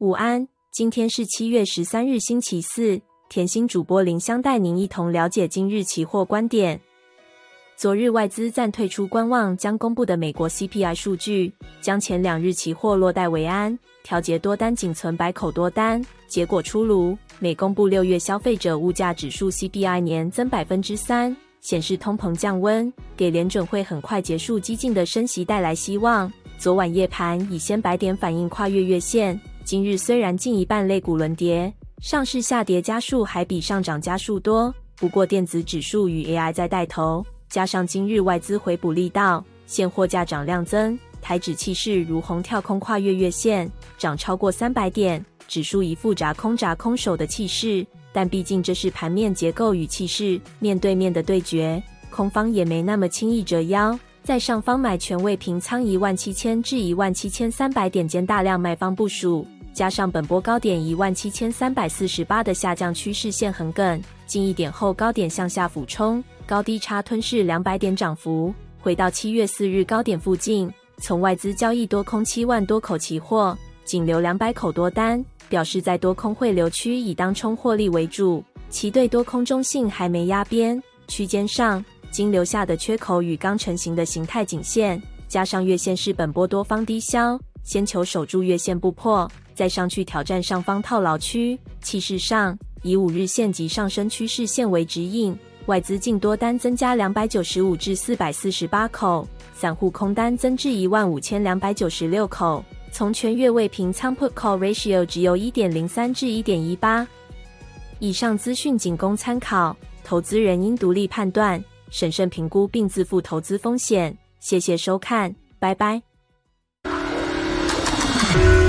午安，今天是七月十三日，星期四。甜心主播林香帶您一同了解今日期貨觀點。昨日外資暫退出觀望，將公布的美國 CPI 數據將前兩日期貨落袋為安，調節多單，僅存百口多單。結果出爐，美公布六月消費者物價指數 CPI 年增百分之三，顯示通膨降溫，給聯準會很快結束激進的升息帶來希望。昨晚夜盤已先百點反應跨越月線。今日雖然近一半類股輪跌，上市下跌家數還比上漲家數多，不過電子指數與 AI 再帶頭，加上今日外資回補力道，現貨價漲量增，台指氣勢如虹，跳空跨越月，月線，漲超過三百點，指數一副軋空軋空手的氣勢。但畢竟這是盤面結構與氣勢面對面的對決，空方也沒那麼輕易折腰，在上方買權未平倉一萬七千至一萬七千三百點間大量賣方部署。加上本波高點一萬七千三百四十八的下降趨勢線橫梗，近一點後，高點向下俯衝，高低差吞噬兩百點漲幅，回到七月四日高點附近。從外資交易多空七萬多口期貨，僅留兩百口多單，表示在多空匯流區以當沖獲利為主，其對多空中性還沒壓邊。區間上，今留下的缺口與剛成型的形態頸線，加上月線是本波多方低消，先求守住月線不破。再上去挑戰上方套牢區，氣勢上以五日線及上升趨勢線為指引。外資淨多單增加兩百九十五至四百四十八口，散戶空單增至一萬五千兩百九十六口。從全月未平倉 Put Call Ratio 值由一點零三至一點一八。以上資訊僅供參考，投資人應獨立判斷，審慎評估並自負投資風險。謝謝收看，拜拜。